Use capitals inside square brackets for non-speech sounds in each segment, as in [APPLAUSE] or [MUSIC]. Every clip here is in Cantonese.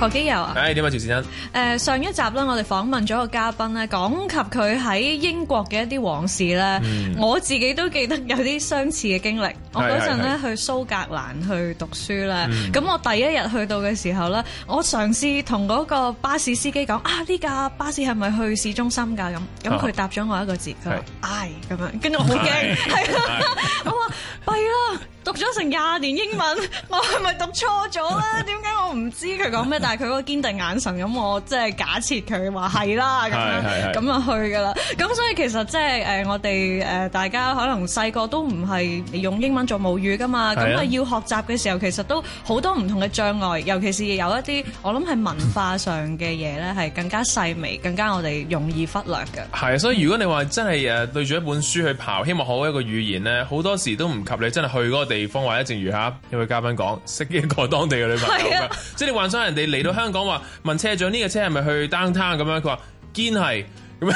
何基佑啊？誒、哎，點啊，趙善欣？誒，上一集啦，我哋訪問咗個嘉賓咧，講及佢喺英國嘅一啲往事咧，hmm. 我自己都記得有啲相似嘅經歷。我嗰陣咧 [NOISE] 去蘇格蘭去讀書啦，咁、hmm. 我第一日去到嘅時候咧，我嘗試同嗰個巴士司機講啊，呢架巴士係咪去市中心㗎？咁咁佢答咗我一個字，佢話、hmm. I 咁樣，跟住我好驚，係啊，我話弊啦。讀咗成廿年英文，我係咪讀錯咗咧？點解我唔知佢講咩？但係佢嗰個堅定眼神，咁我即係假設佢話係啦，咁樣咁啊 [LAUGHS] 去噶啦。咁的所以其實即係誒，我哋誒、呃，大家可能細個都唔係用英文做母語噶嘛，咁啊是的 要學習嘅時候，其實都好多唔同嘅障礙，尤其是有一啲我諗係文化上嘅嘢咧，係更加細微，更加我哋容易忽略噶。係，所以如果你話真係誒對住一本書去刨，希望好一個語言咧，好多時都唔及你真係去嗰地方或者正如嚇，有一位嘉賓講識一個當地嘅女朋友、啊、即係你幻想人哋嚟到香港話、嗯、問車長呢個車係咪去 downtown 咁樣，佢話堅係咁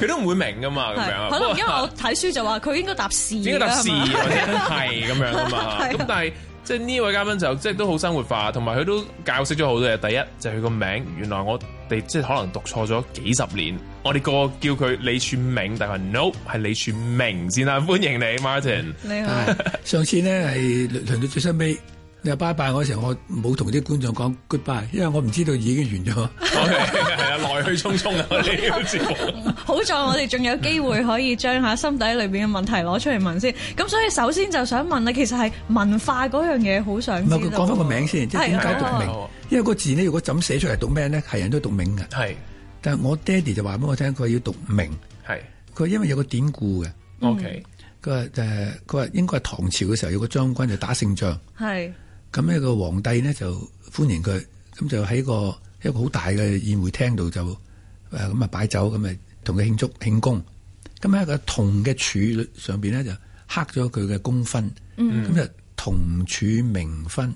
佢都唔會明㗎嘛咁樣。可能因為我睇書就話佢應該答士，士，應該搭士係咁樣，樣啊嘛。咁但係即係呢位嘉賓就即係、就係、都好生活化，同埋佢都教識咗好多嘢。第一就係佢個名、就係佢個名，原來我哋即係可能讀錯咗幾十年。我哋個叫佢李柱銘，但係佢 no，係李柱銘先啦。歡迎你，Martin、嗯。你好。 [LAUGHS] 上次咧係輪到最收尾，你話拜拜嗰時候，我冇同啲觀眾講 goodbye，因為我唔知道已經完咗。係 Okay, [LAUGHS] 啊，來去匆匆啊呢個節目。 [LAUGHS] [LAUGHS] 好在我哋仲有機會可以將下心底裏邊嘅問題攞出嚟問先。咁所以首先就想問你，其實係文化嗰樣嘢好想知道。唔係，講翻個名先，即係點解讀銘？因為個字咧，如果咁寫出嚟讀咩咧，係人都讀銘嘅。係的。但係我爹哋就話俾我聽，佢要讀明，係佢是因為有個典故嘅，OK，佢話誒，佢、呃、話應該係唐朝嘅時候有個將軍就打勝仗，係咁呢個皇帝呢，就歡迎佢，咁就喺個一個好大嘅宴會廳度就誒咁啊擺酒咁啊同佢慶祝慶功，咁喺個銅嘅柱上邊呢，就刻咗佢嘅功勳，嗯，咁就銅柱銘分，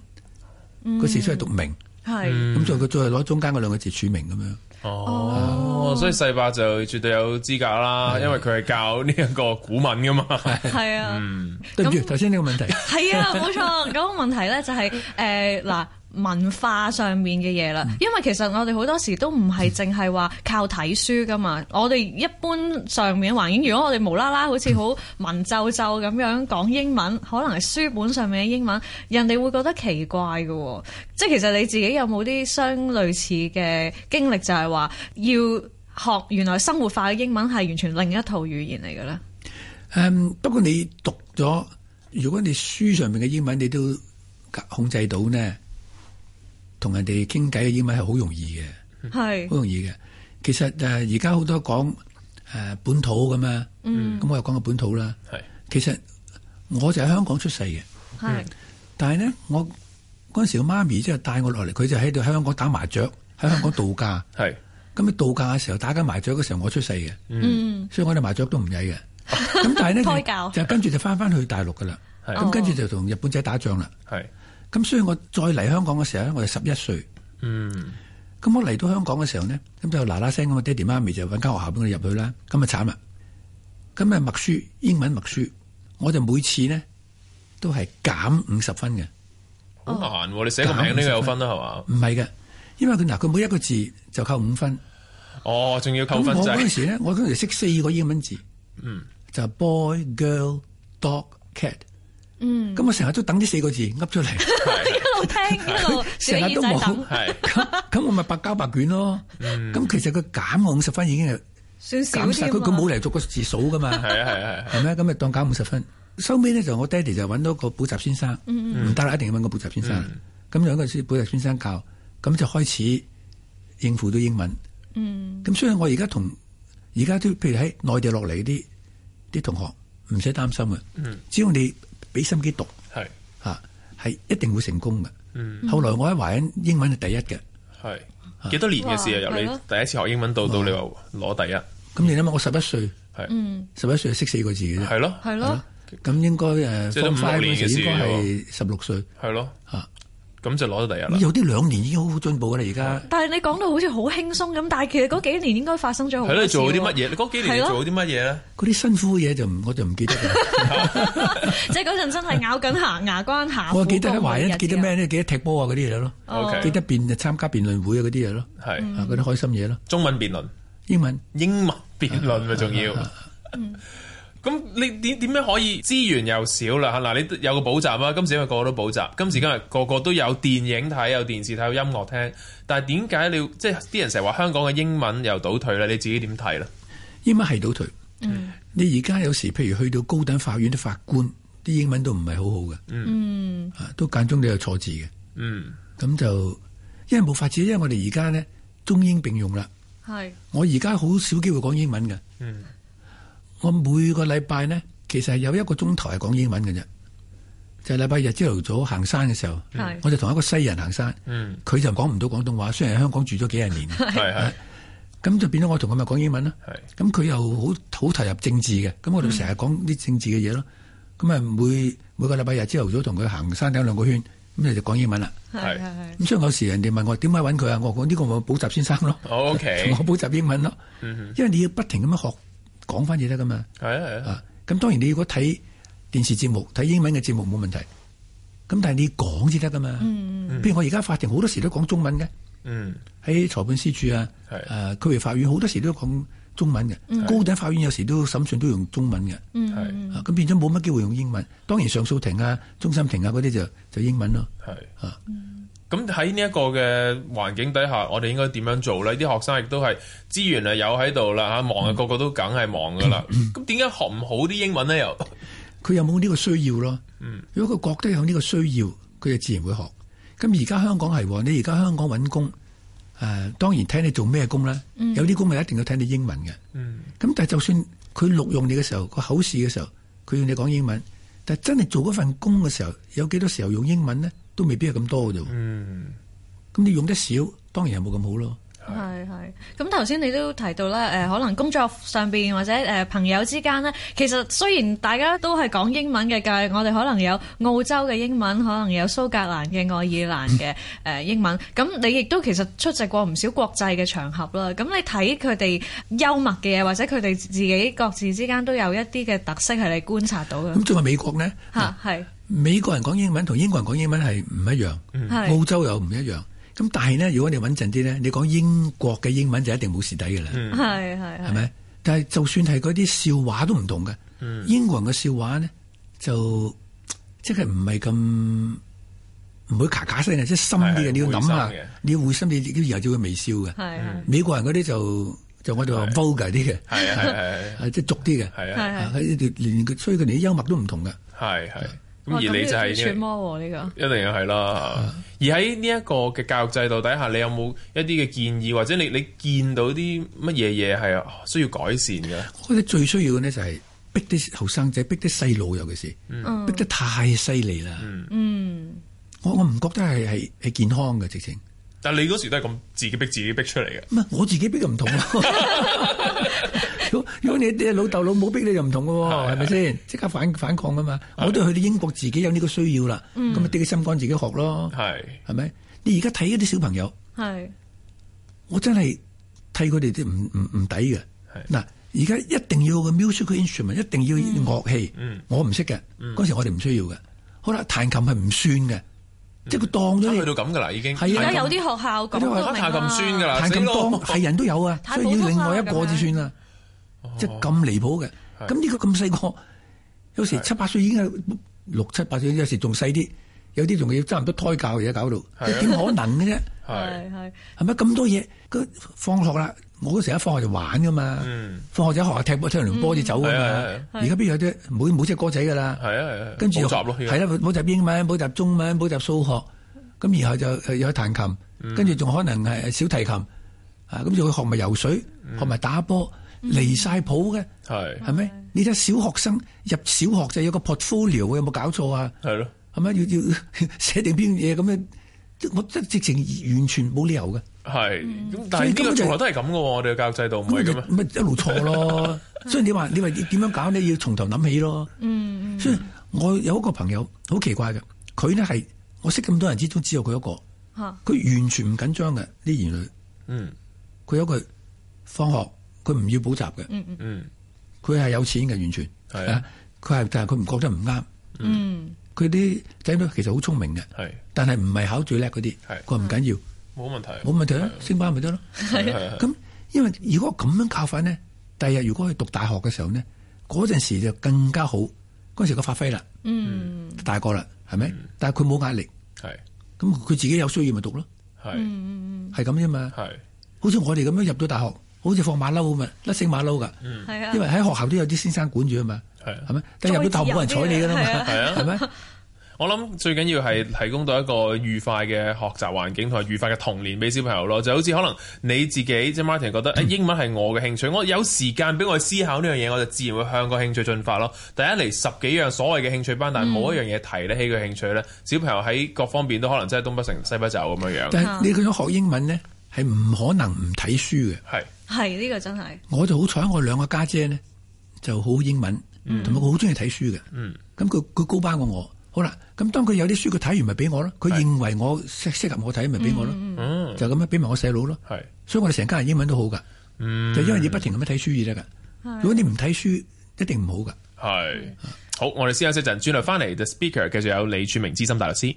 佢字出係讀明，係咁再佢再攞中間嗰兩個字柱銘咁樣。哦，所以世伯就絕對有資格啦，的因為佢係教呢一個古文噶嘛。係啊的，嗯。對住頭先呢個問題，係啊，冇錯。咁 [LAUGHS] 問題咧就係、是，誒嗱、 [LAUGHS] 呃。文化上面嘅嘢啦，因為其實我哋好多時都唔係淨係話靠睇書噶嘛。我哋一般上面環境，如果我哋無啦啦好似好文縐縐咁樣講英文，可能係書本上面嘅英文，人哋會覺得奇怪嘅，哦。即係其實你自己有冇啲相類似嘅經歷，就係話要學原來生活化嘅英文係完全另一套語言嚟嘅咧？誒、嗯，不過你讀咗，如果你書上面嘅英文你都控制到咧。同人哋傾偈嘅英文係好容易嘅，係好容易嘅。其實誒，而家好多講誒本土㗎嘛，咁我又講個本土啦。係其實我就喺香港出世嘅，係。但係呢，我嗰陣時個媽咪即係帶我落嚟，佢就喺度喺香港打麻雀，喺香港度假。係。咁佢度假嘅時候打緊麻雀嘅時候，我出世嘅。嗯。所以我哋麻雀都唔曳嘅。咁但係呢，就跟住就翻翻去大陸噶啦。咁跟住就同日本仔打仗啦。係。咁所以我再嚟香港嘅時候咧，我係十一歲。嗯。咁我嚟到香港嘅時候咧，咁就嗱嗱聲咁啊，爹哋媽咪就揾間學校俾我哋入去啦。咁啊慘啦！咁啊默書英文默書，我就每次咧都係減五十分嘅。好難、哦，你寫個名都有分啦，係嘛？唔係嘅，因為佢嗱佢每一個字就扣五分。哦，仲要扣分？我嗰陣時咧、就係，我嗰陣時識四個英文字。嗯。就 boy、girl、dog、cat。嗯，咁我成日都等呢四個字噏出嚟，一路聽成日都冇。係咁我咪白交白卷咯。嗯，咁其實佢減我五十分已經係減晒，佢冇嚟逐個字數噶嘛。係啊係咩？咁咪當減五十分。收尾呢，就我爹哋就搵到個補習先生，唔得啦，一定要搵個補習先生。咁有一個書補習先生教，咁就開始應付到英文。嗯，咁所以我而家同而家都，譬如喺內地落嚟啲啲同學唔使擔心啊，只要你。俾心機讀，係嚇，係一定會成功嘅。嗯，後來我喺華仁英文係第一嘅。係幾多年嘅時候由你第一次學英文到到你話攞第一？咁你諗下，我十一歲，係嗯十一歲識四個字嘅啫，係咯，係咯，咁應該誒，即係五年嘅時間係十六歲，係咯嚇。咁就攞到第一啦！有啲兩年已經好好進步啦，而家。但係你講到好似好輕鬆咁，但係其實嗰幾年應該發生咗好多事。係咯，做啲乜嘢？嗰幾年做啲乜嘢咧？嗰啲辛苦嘢就唔，我就唔記得。即係嗰陣真係咬緊牙，牙關下。我記得喺華英，記得咩咧？記得踢波啊，嗰啲嘢咯。OK。記得辯就參加辯論會啊，嗰啲嘢咯。係嗰啲開心嘢咯。中文辯論、英文、英文辯論咪仲要。咁你點點樣可以資源又少啦？吓嗱，你有個補習啦，今時因為個個都補習，今時今日個個都有電影睇，有電視睇，有音樂聽。但係點解你即係啲人成日話香港嘅英文又倒退咧？你自己點睇咧？英文係倒退，嗯，你而家有時譬如去到高等法院啲法官啲英文都唔係好好嘅，嗯，都間中都有錯字嘅，嗯，咁就因為冇法子，因為我哋而家呢，中英並用啦，係是，我而家好少機會講英文嘅，嗯。我每個禮拜呢，其實係有一個鐘頭係講英文嘅啫，就係禮拜日朝頭早行山嘅時候，我就同一個西人行山，佢就講唔到廣東話，雖然喺香港住咗幾廿年，咁就變咗我同佢咪講英文啦。咁佢又好好投入政治嘅，咁我哋成日講啲政治嘅嘢咯。咁啊每每個禮拜日朝頭早同佢行山頂兩個圈，咁你就講英文啦。咁所以有時人哋問我點解揾佢啊？我講呢個我補習先生咯，我補習英文咯，因為你要不停咁樣學。講翻嘢得噶嘛？係啊係啊。咁當然你如果睇電視節目睇英文嘅節目冇問題。咁但係你講至得噶嘛？嗯嗯。嗯，譬如我而家法庭好多時都講中文嘅。嗯。喺裁判司處啊，係的。誒、呃，區域法院好多時都講中文嘅。的高等法院有時都審訊都用中文嘅。係的。咁、啊、變咗冇乜機會用英文。當然上訴庭啊、中心庭啊嗰啲就就英文咯。係的。啊的。咁喺呢一個嘅環境底下，我哋應該點樣做呢？啲學生亦都係資源啊有喺度啦嚇，忙啊個個都梗係忙噶啦。咁點解學唔好啲英文呢？又佢有冇呢個需要咯？嗯、如果佢覺得有呢個需要，佢就自然會學。咁而家香港係你而家香港揾工，誒、呃、當然睇你做咩工啦。嗯、有啲工咪一定要睇你英文嘅。嗯，咁但係就算佢錄用你嘅時候，個口試嘅時候，佢要你講英文，但係真係做嗰份工嘅時候，有幾多時候用英文呢？都未必係咁多嘅啫。嗯，咁，你用得少，當然係冇咁好咯。係係，咁頭先你都提到咧，誒可能工作上邊或者誒朋友之間咧，其實雖然大家都係講英文嘅，但係我哋可能有澳洲嘅英文，可能有蘇格蘭嘅愛爾蘭嘅誒英文。咁你亦都其實出席過唔少國際嘅場合啦。咁你睇佢哋幽默嘅嘢，或者佢哋自己各自之間都有一啲嘅特色係你觀察到嘅。咁仲有美國咧嚇，係美國人講英文同英國人講英文係唔一樣，澳洲又唔一樣。咁但係呢，如果你穩陣啲呢，你講英國嘅英文就一定冇蝕底嘅啦。嗯，係係，係咪？但係就算係嗰啲笑話都唔同嘅。英國人嘅笑話呢，就即係唔係咁唔會卡卡聲嘅，即係深啲嘅。你要諗下，你要會心你，佢然後就會微笑嘅。美國人嗰啲就就我哋話 vulgar 啲嘅。即係俗啲嘅。係佢所以佢哋啲幽默都唔同嘅。係係。咁而你就係呢、啊呢個，一定要係啦。啊、而喺呢一個嘅教育制度底下，你有冇一啲嘅建議，或者你你見到啲乜嘢嘢係需要改善嘅？我覺得最需要嘅呢就係逼啲後生仔，逼啲細路，尤其是逼得太犀利啦。嗯，我，我我唔覺得係係係健康嘅，直情，但係你嗰時都係咁自己逼自己逼出嚟嘅。唔係我自己逼就唔同啦。 [LAUGHS] [LAUGHS] 如果你老豆老母逼你，就唔同嘅，係咪先？即刻反反抗噶嘛？我都去到英國，自己有呢個需要啦。咁啊，啲心肝自己學咯，係，係咪？你而家睇嗰啲小朋友，係，我真係替佢哋啲唔唔唔抵嘅。嗱，而家一定要個 music instrument，一定要樂器。我唔識嘅，嗰時我哋唔需要嘅。好啦，彈琴係唔酸嘅，即係佢當咗你。差唔多去到咁噶啦，已經。係呀，而家有啲學校咁都唔明彈琴酸噶啦，彈琴當係人都有啊，所以要另外一個就算啦。即咁離譜嘅，咁呢個咁細個，有時七八歲已經係六七八歲，有時仲細啲，有啲仲要差唔多胎教而家搞到，點可能嘅啫？係係係咪咁多嘢？佢放學啦，我嗰時一放學就玩噶嘛。放學就喺學校踢波，踢完波就走啊嘛。而家邊有啲冇冇隻歌仔噶啦？係啊係啊，跟住補習咯，係啦，補習英文、補習中文、補習數學，咁然後就又去彈琴，跟住仲可能係小提琴，啊咁就會學埋游水，學埋打波。離晒譜嘅，係係咪？你睇小學生入小學就有個 portfolio，有冇搞錯啊？係咯，係咪要要寫定篇嘢咁咧？我即直情完全冇理由嘅。係，但係呢啲本來都係咁嘅，我哋嘅教育制度唔係咁樣？咪一路錯咯。所以你話你話點樣搞咧？你要從頭諗起咯。嗯嗯。所以我有一個朋友好奇怪嘅，佢呢係我識咁多人之中只有佢一個，佢完全唔緊張嘅啲兒女。嗯，佢有一個放學。佢唔要補習嘅，嗯嗯，佢係有錢嘅，完全係啊，佢係但係佢唔覺得唔啱。嗯，佢啲仔女其實好聰明嘅，係，但係唔係考最叻嗰啲，係，佢唔緊要，冇問題，冇問題咯，升班咪得咯，係，咁因為如果咁樣教法呢，第日如果去讀大學嘅時候呢，嗰陣時就更加好，嗰時個發揮啦，嗯，大個啦，係咪？但係佢冇壓力，係，咁佢自己有需要咪讀咯，係，嗯係咁啫嘛，係，好似我哋咁樣入到大學。好似放馬騮咁啊，甩繩馬騮噶，嗯、因為喺學校都有啲先生管住啊嘛，係咪？但入到大學冇人睬你噶啦嘛，係咪？我諗最緊要係提供到一個愉快嘅學習環境同埋愉快嘅童年俾小朋友咯，就好似可能你自己即係 Martin 覺得，欸、英文係我嘅興趣，嗯、我有時間俾我思考呢樣嘢，我就自然會向個興趣進發咯。第一嚟十幾樣所謂嘅興趣班，但冇一樣嘢提得起佢興趣咧，小朋友喺各方面都可能真係東不成西不就咁樣樣。嗯、但係你想學英文咧，係唔可能唔睇書嘅，係、嗯。係呢個真係，我就好彩，我兩個家姐咧就好英文，同埋佢好中意睇書嘅。咁佢佢高班過我，好啦。咁當佢有啲書，佢睇完咪俾我咯。佢認為我適適合我睇，咪俾我咯。就咁樣俾埋我細佬咯。所以我哋成家人英文都好噶，就因為要不停咁樣睇書而得噶。如果你唔睇書，一定唔好噶。係好，我哋先下。一陣，轉頭翻嚟 The Speaker 繼續有李柱銘資深大律師。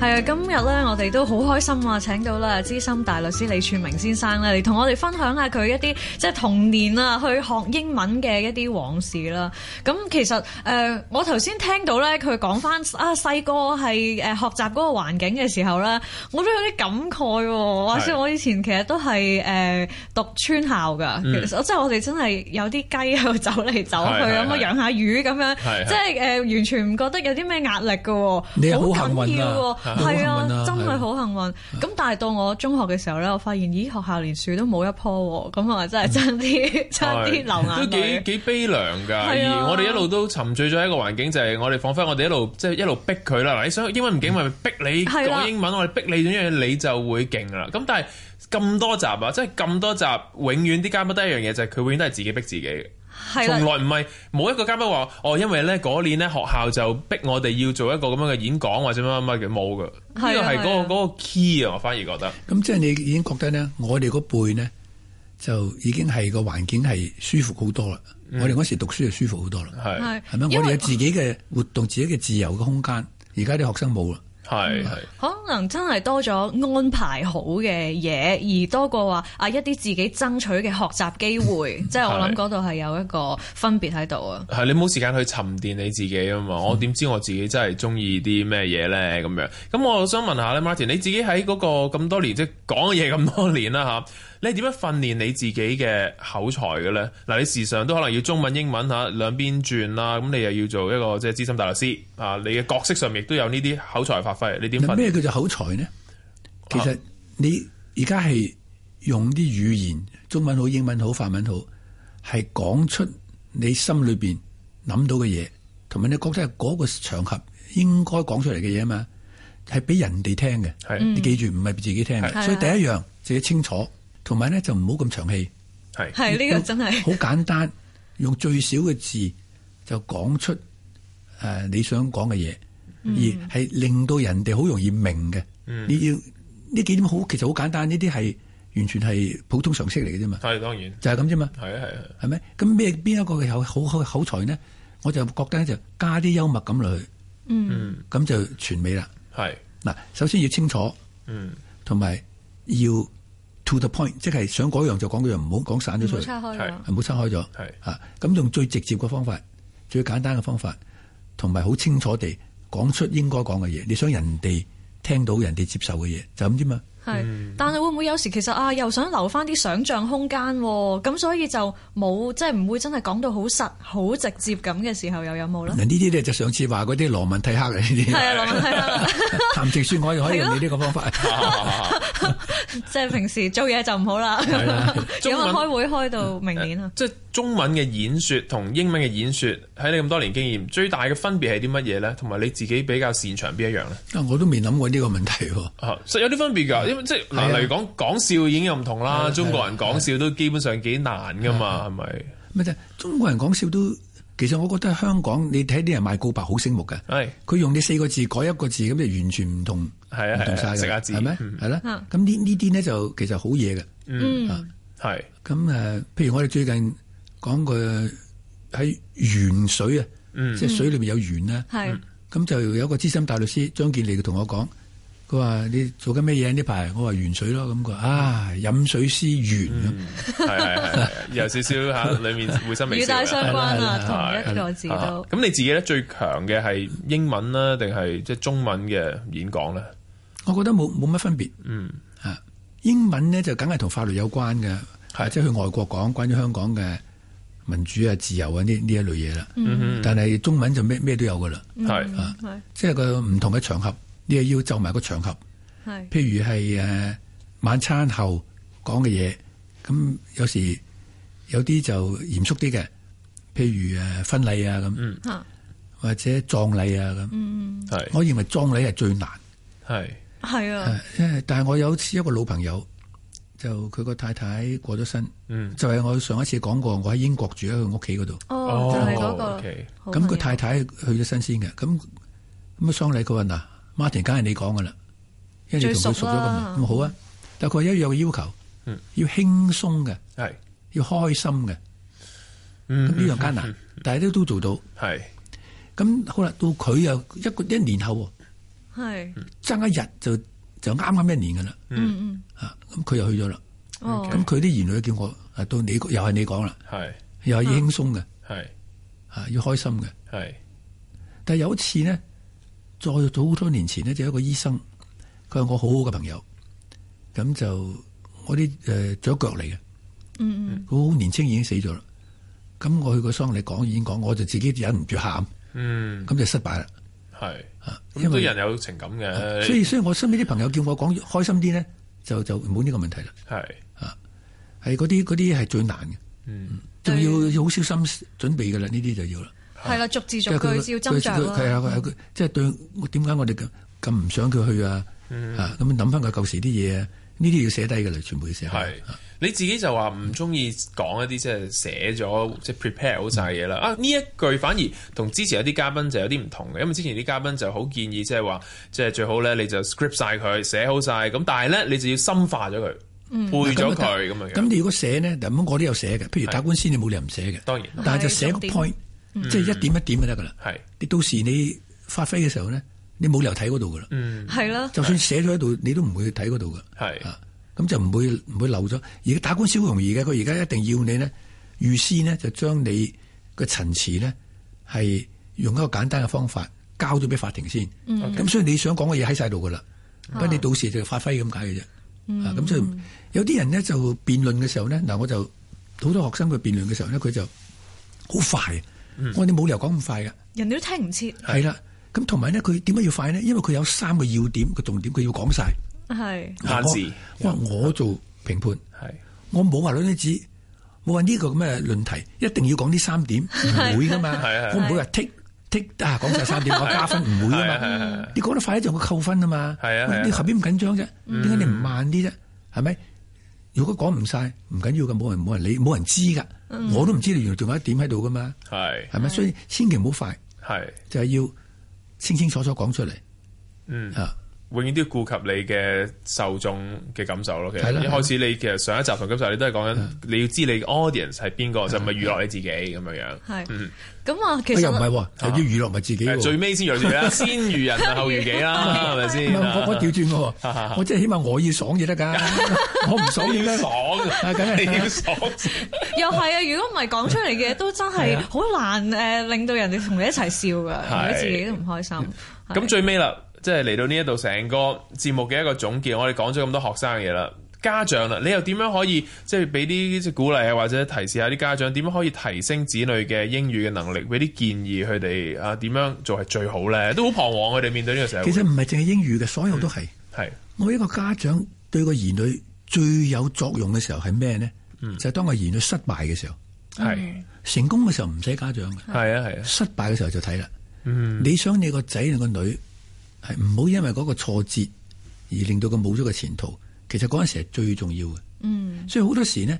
係啊，今日咧我哋都好開心啊！請到啦資深大律師李柱銘先生咧嚟同我哋分享下佢一啲即係童年啊，去學英文嘅一啲往事啦。咁其實誒、呃，我頭先聽到咧佢講翻啊細個係誒學習嗰個環境嘅時候咧，我都有啲感慨喎、喔。哇的！即係我以前其實都係誒、呃、讀村校㗎，其實、嗯、即係我哋真係有啲雞喺度走嚟走去咁啊，的養下魚咁樣，的即係誒、呃、完全唔覺得有啲咩壓力㗎喎，好緊要啊！係啊,啊，真係好幸運。咁、啊、但係到我中學嘅時候咧，我發現咦，學校連樹都冇一棵，咁啊真係爭啲差啲、嗯、流眼。都幾幾悲涼噶。啊、而我哋一路都沉醉咗喺個環境，就係、是、我哋仿佛我哋一路即係、就是、一路逼佢啦。你想英文唔勁咪逼你講、啊、英文，我哋逼你點樣，你就會勁啦。咁但係咁多集啊，即係咁多集，永遠啲加不得一樣嘢就係、是、佢永遠都係自己逼自己從來唔係冇一個嘉賓話哦，因為咧嗰年咧學校就逼我哋要做一個咁樣嘅演講或者乜乜乜嘅，冇噶，呢個係嗰個嗰個 key 啊！我反而覺得咁即係你已經覺得咧，我哋嗰輩呢，就已經係個環境係舒服好多啦。嗯、我哋嗰時讀書就舒服好多啦，係，係咪？我哋有自己嘅活動，自己嘅自由嘅空間。而家啲學生冇啦。係，係可能真係多咗安排好嘅嘢，而多過話啊一啲自己爭取嘅學習機會，即係 [LAUGHS] 是我諗嗰度係有一個分別喺度啊。係你冇時間去沉澱你自己啊嘛，嗯、我點知我自己真係中意啲咩嘢咧咁樣？咁我想問下咧，Martin，你自己喺嗰個咁多年即係講嘅嘢咁多年啦吓。啊你係點樣訓練你自己嘅口才嘅咧？嗱，你時常都可能要中文、英文吓兩邊轉啦，咁、啊啊、你又要做一個即係資深大律師啊，你嘅角色上面都有呢啲口才發揮。你點？咩叫做口才呢？其實你而家係用啲語言，中文好、英文好、法文好，係講出你心裏邊諗到嘅嘢，同埋你覺得係嗰個場合應該講出嚟嘅嘢啊嘛，係俾人哋聽嘅。係的，嗯、你記住唔係俾自己聽，的嗯、所以第一樣自己清楚。同埋咧就唔好咁長氣，係，係呢個真係好簡單，用最少嘅字就講出誒、呃、你想講嘅嘢，嗯、而係令到人哋好容易明嘅。嗯、你要呢幾點好，其實好簡單，呢啲係完全係普通常識嚟嘅啫嘛。係當然就係咁啫嘛。係啊，係啊，係咪？咁咩邊一個嘅口口口才呢？我就覺得咧就加啲幽默感落去，嗯咁、嗯、就完美啦。係嗱是，首先要清楚，嗯，同埋要。to the point，即係想嗰樣就講嗰樣，唔好講散咗出嚟，係唔好拆開咗，係啊，咁用最直接嘅方法，最簡單嘅方法，同埋好清楚地講出應該講嘅嘢，你想人哋聽到人哋接受嘅嘢，就咁啫嘛。係，但係會唔會有時其實啊，又想留翻啲想象空間，咁、啊、所以就冇，即係唔會真係講到好實、好直接咁嘅時候，又有冇啦？嗱，呢啲咧就上次話嗰啲羅曼蒂克嚟呢啲，係啊，羅文係啊，談 [LAUGHS] 直說，我亦可以用你呢個方法，即係、啊啊啊、 [LAUGHS] 平時做嘢就唔好啦，咁啊，開會開到明年啊。即係中文嘅 [LAUGHS] 演說同英文嘅演說，喺你咁多年經驗，最大嘅分別係啲乜嘢咧？同埋你自己比較擅長邊一樣咧、啊？我都未諗過呢個問題喎、啊。實有啲分別噶，即係嗱，例如講講笑已經又唔同啦。中國人講笑都基本上幾難噶嘛，係咪？唔係，中國人講笑都，其實我覺得香港你睇啲人賣告白好醒目嘅，係佢用你四個字改一個字，咁就完全唔同，係啊，唔同晒嘅，係咩？係啦，咁呢呢啲呢，就其實好嘢嘅，嗯，係。咁誒，譬如我哋最近講過喺源水啊，即係水裏面有源啦，係。咁就有個資深大律師張健利同我講。佢話你做緊咩嘢呢排？我話元水咯，咁佢啊，飲水思源，係係係，有少少吓裏面背身尾字相關啊， [LAUGHS] 同一個字都。咁你自己咧最強嘅係英文啦，定係即係中文嘅演講咧？我覺得冇冇乜分別。嗯啊，英文咧就梗係同法律有關嘅，係即係去外國講關於香港嘅民主啊、自由啊呢呢一類嘢啦。嗯、哼但係中文就咩咩都有噶啦，係即係個唔同嘅場合。你又要就埋個場合，是譬如係誒晚餐後講嘅嘢，咁有時有啲就嚴肅啲嘅，譬如誒婚禮啊咁，嗯、或者葬禮啊咁。嗯、我認為葬禮係最難。係係、嗯、啊，是但係我有一次一個老朋友，就佢個太太過咗身，嗯、就係我上一次講過，我喺英國住喺佢屋企嗰度。哦，就係、是、嗰個。咁佢太太去咗新鮮嘅，咁咁啊喪禮佢話嗱。Martin 梗係你講噶啦，因為同佢熟咗咁耐，咁好啊。但係佢一樣有個要求，要輕鬆嘅，係要開心嘅。咁呢樣艱難，但係咧都做到。係咁好啦，到佢又一個一年後，係爭一日就就啱啱一年噶啦。咁佢又去咗啦。咁佢啲兒女叫我，到你又係你講啦，係又係輕鬆嘅，係啊，要開心嘅，係。但係有一次呢。再早好多年前呢，就有一個醫生，佢係我好好嘅朋友，咁就我啲誒左腳嚟嘅，嗯、呃、嗯，好年輕已經死咗啦。咁我去個喪禮講已經講，我就自己忍唔住喊，嗯，咁就失敗啦，係啊是。因為為人有情感嘅，所以所以我身邊啲朋友叫我講開心啲咧，就就唔冇呢個問題啦。係是啊，係嗰啲嗰啲係最難嘅，嗯，仲、嗯、但 要要好小心準備噶啦，呢啲就要啦。係啦，逐字逐句要斟酌。係啊，佢即係對我點解我哋咁唔想佢去啊？啊，咁諗翻個舊時啲嘢，呢啲要寫低㗎喇，全部要寫。係你自己就話唔中意講一啲即係寫咗即係 prepare 好晒嘢啦。啊，呢一句反而同之前有啲嘉賓就有啲唔同嘅，因為之前啲嘉賓就好建議即係話，即係最好咧你就 script 晒佢，寫好晒。咁但係咧，你就要深化咗佢，配咗佢。咁樣。咁你如果寫呢，咁我都有寫嘅。譬如打官司，你冇理由唔寫嘅。當然，但係就寫個 point 即係一點一點就得㗎啦。係，你到時你發揮嘅時候咧，你冇理由睇嗰度㗎啦。嗯，係咯。就算寫咗喺度，你都唔會去睇嗰度㗎。係啊，咁就唔會唔會漏咗。而家打官司好容易嘅，佢而家一定要你咧預先呢，就將你個陳詞咧係用一個簡單嘅方法交咗俾法庭先。嗯。咁所以你想講嘅嘢喺晒度㗎啦。咁你到時就發揮咁解嘅啫。嗯。啊，咁所以有啲人咧就辯論嘅時候咧嗱，我就好多學生佢辯論嘅時候咧，佢就好快。我哋冇理由講咁快嘅，人哋都聽唔切。係啦，咁同埋咧，佢點解要快呢？因為佢有三個要點、個重點，佢要講晒。係限時。我我做評判，係我冇話攞啲紙，我話呢個咁嘅論題一定要講啲三點，唔會噶嘛。我唔會話剔，剔，剔啊，講晒三點我加分唔會啊嘛。你講得快就我扣分啊嘛。係啊，你後邊唔緊張啫，點解你唔慢啲啫？係咪？如果講唔晒，唔緊要嘅，冇人冇人理，冇人知㗎，嗯、我都唔知你原來仲有一點喺度㗎嘛，係係咪？吧是所以千祈唔好快，係是就係要清清楚楚講出嚟，嗯啊。永遠都要顧及你嘅受眾嘅感受咯，其實一開始你其實上一集同今集你都係講緊，你要知你嘅 audience 係邊個，就唔係娛樂你自己咁樣樣。咁啊，其實又唔係喎，係要娛樂唔係自己。最尾先揚善啦，先娛人後娛己啦，係咪先？哥哥調轉喎，我真係起碼我要爽嘢得㗎，我唔爽要爽，梗係你要爽。又係啊！如果唔係講出嚟嘅都真係好難誒，令到人哋同你一齊笑㗎，如果自己都唔開心。咁最尾啦。即係嚟到呢一度，成個節目嘅一個總結，我哋講咗咁多學生嘅嘢啦，家長啦，你又點樣可以即係俾啲鼓勵啊，或者提示下啲家長點樣可以提升子女嘅英語嘅能力，俾啲建議佢哋啊，點樣做係最好咧？都好彷徨，佢哋面對呢個社會。其實唔係淨係英語嘅，所有都係。係、嗯、我一個家長對個兒女最有作用嘅時候係咩呢？嗯、就係當個兒女失敗嘅時候。係、嗯、成功嘅時候唔使家長嘅。係啊係啊。啊啊失敗嘅時候就睇啦。嗯、你想你個仔定個女？唔好因為嗰個挫折而令到佢冇咗個前途，其實嗰陣時係最重要嘅。嗯，所以好多時咧，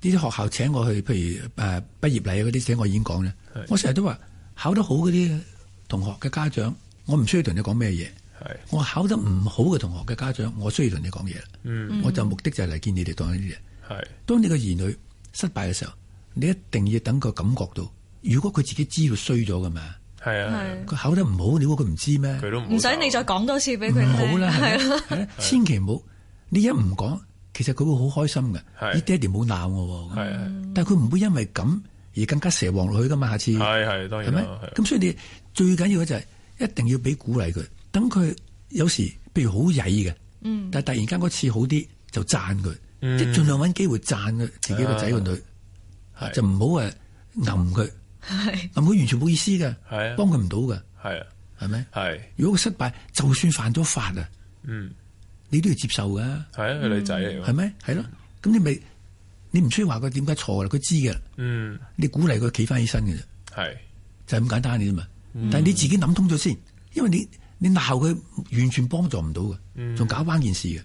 呢啲學校請我去，譬如誒、呃、畢業禮嗰啲，請我演講咧，是我成日都話考得好嗰啲同學嘅家長，我唔需要同你講咩嘢。是我考得唔好嘅同學嘅家長，我需要同你講嘢。嗯、我就目的就係嚟見你哋講呢啲嘢。係，當你個是兒女失敗嘅時候，你一定要等佢感覺到，如果佢自己知道衰咗㗎嘛。係啊，佢考得唔好，你估佢唔知咩？唔使你再講多次俾佢聽，好啦，係咯，千祈唔好。你一唔講，其實佢會好開心嘅。你爹哋冇鬧我，係，但係佢唔會因為咁而更加蛇王落去噶嘛。下次係係，當然係咪？咁所以你最緊要嘅就係一定要俾鼓勵佢。等佢有時譬如好曳嘅，但係突然間嗰次好啲，就讚佢，即係盡量揾機會讚佢自己個仔個女，就唔好誒噏佢。係，咁佢完全冇意思嘅，幫佢唔到嘅，係啊，係咪？係，如果佢失敗，就算犯咗法啊，嗯，你都要接受嘅，係啊，佢女仔嚟，係咪？係咯，咁你咪，你唔需要話佢點解錯啦，佢知嘅，嗯，你鼓勵佢企翻起身嘅啫，係，就係咁簡單嘅啫嘛，但係你自己諗通咗先，因為你你鬧佢完全幫助唔到嘅，仲搞翻件事嘅。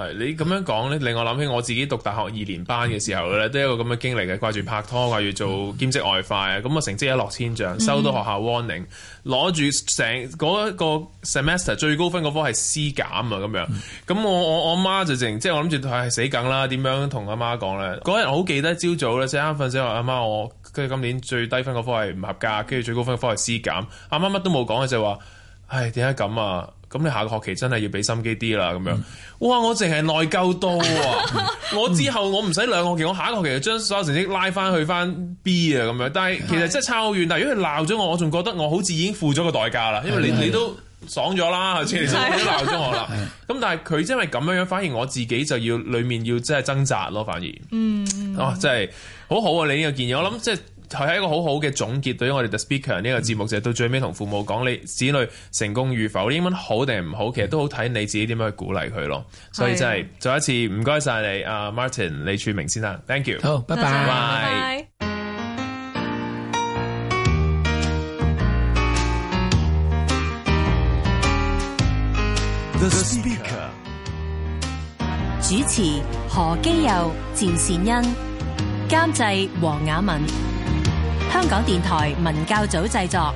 係你咁樣講咧，令我諗起我自己讀大學二年班嘅時候咧，嗯、都有一個咁嘅經歷嘅，掛住拍拖，掛住做兼職外快啊，咁我成績一落千丈，收到學校 warning，攞住成嗰一個 semester 最高分嗰科係 C 減啊，咁樣，咁、嗯、我我我媽就淨即係我諗住係死梗啦，點樣同阿媽講咧？嗰日我好記得朝早咧，即係啱瞓醒，話阿媽，我跟住今年最低分嗰科係唔合格，跟住最高分嗰科係 C 減，阿媽乜都冇講啊，就話，唉點解咁啊？咁你下個學期真係要俾心機啲啦，咁樣、嗯、哇！我淨係內疚到啊！嗯、我之後我唔使兩個學期，我下一個學期就將所有成績拉翻去翻 B 啊，咁樣。但係其實真係差好遠。但係如果佢鬧咗我，我仲覺得我好似已經付咗個代價啦，因為你是的 你都爽咗啦，其實都鬧咗我啦。咁的、嗯、但係佢因為咁樣，反而我自己就要裡面要真係掙扎咯，反而嗯啊，真係好好啊！你呢個建議，我諗即係。就是佢係一個好好嘅總結，對於我哋 The Speaker 呢個節目，就係、是、到最尾同父母講，你子女成功與否，英文好定唔好，其實都好睇你自己點樣去鼓勵佢咯。所以真係再一次唔該晒你，阿 Martin 李柱銘先生，Thank you。好，拜拜。Bye。The Speaker 主持何基佑、詹善恩，監製黃雅文。香港電台文教組製作。